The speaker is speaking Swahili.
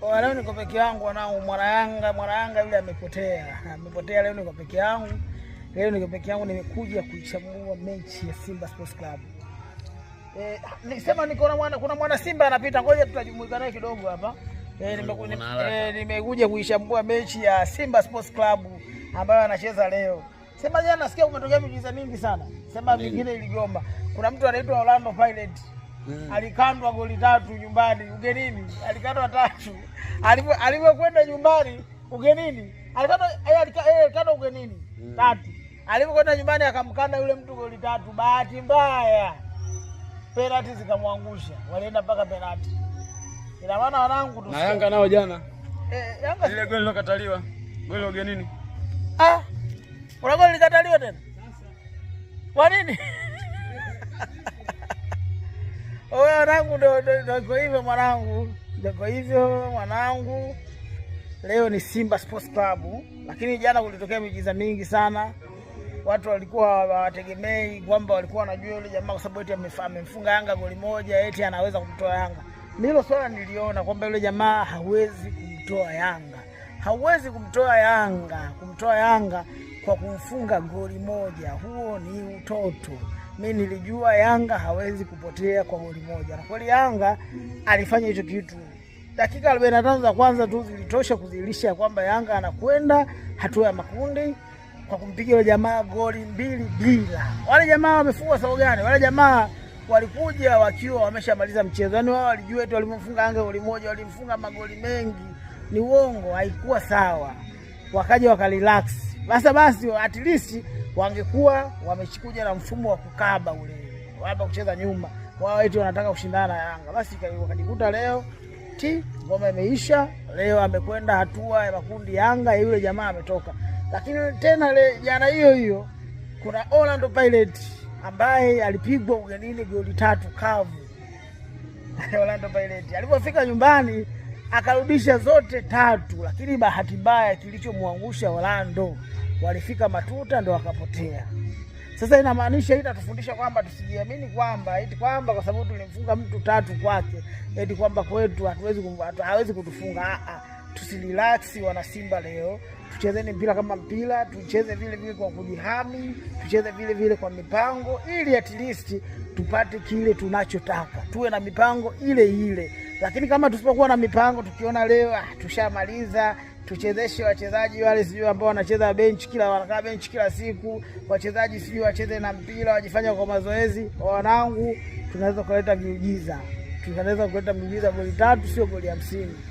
Leo niko peke yangu wanangu, Mwanayanga, Yanga yule amepotea, amepotea. Leo niko peke yangu, leo niko peke yangu, nimekuja kuchambua mechi ya Simba Sports Club. Eh, nisema niko na mwana, kuna mwana Simba anapita, ngoja tutajumuika naye kidogo hapa. Eh, nimekuja e, kuishambua mechi ya Simba Sports Club ambayo anacheza leo. Sema jana nasikia umetokea miujiza mingi sana, sema vingine iligomba. Kuna mtu anaitwa Orlando Pirates mm. alikandwa goli tatu nyumbani ugenini, alikandwa tatu. Alivyokwenda nyumbani ugenini alikandwa eh, eh, ugenini mm. tatu. Alivyokwenda nyumbani akamkanda yule mtu goli tatu. Bahati mbaya penalti zikamwangusha, walienda mpaka penati Ina maana wanangu tu na Yanga nao jana eh, Yanga ile goli lokataliwa goli ugenini, ah, kuna goli likataliwa tena. Kwa nini? wanangu, ndio hivyo mwanangu, ndio hivyo mwanangu. Leo ni Simba Sports Club, lakini jana kulitokea miujiza mingi sana. Watu walikuwa hawategemei kwamba walikuwa wanajua yule jamaa, kwa sababu eti amemfunga Yanga goli moja, eti anaweza kumtoa Yanga. Nilo swala niliona kwamba yule jamaa hawezi kumtoa Yanga, hawezi kumtoa Yanga, kumtoa Yanga kwa kumfunga goli moja, huo ni utoto mi nilijua Yanga hawezi kupotea kwa goli moja, na kweli Yanga alifanya hicho kitu. Dakika arobaini na tano za kwanza tu zilitosha kudhihirisha kwamba Yanga anakwenda hatua ya makundi kwa kumpiga yule jamaa goli mbili bila. Wale jamaa wamefungwa sababu gani? Wale jamaa walikuja wakiwa wameshamaliza mchezo, yaani wao walijua eti walimfunga Yanga goli moja, walimfunga magoli mengi. Ni uongo, haikuwa sawa. Wakaja wakarelax basa basi, at least wangekuwa wamechukua na mfumo wa kukaba ule hapa kucheza nyuma, wao eti wanataka kushindana na Yanga, basi wakajikuta leo ti ngoma imeisha. Leo amekwenda hatua ya makundi Yanga, yule jamaa ametoka. Lakini tena le jana hiyo hiyo kuna Orlando Pirates ambaye alipigwa ugenini goli tatu kavu. Orlando Pirates alipofika nyumbani akarudisha zote tatu, lakini bahati mbaya kilichomwangusha Orlando walifika matuta ndo wakapotea. Sasa inamaanisha hii tatufundisha kwamba tusijiamini, kwamba eti kwamba kwa sababu tulimfunga mtu tatu kwake, eti kwamba kwetu hatuwezi hawezi kutufunga. Tusirelaksi wana Simba leo, tuchezeni mpira kama mpira, tucheze vile vile kwa kujihami, tucheze vile vile kwa mipango, ili at least tupate kile tunachotaka, tuwe na mipango ile ile. Lakini kama tusipokuwa na mipango, tukiona leo ah, tushamaliza tuchezeshe wachezaji wale sijui ambao wanacheza benchi kila wanakaa benchi kila siku, wachezaji sijui wacheze na mpira wajifanya kwa mazoezi. Wanangu, tunaweza kuleta miujiza, tunaweza kuleta miujiza, goli tatu sio goli hamsini.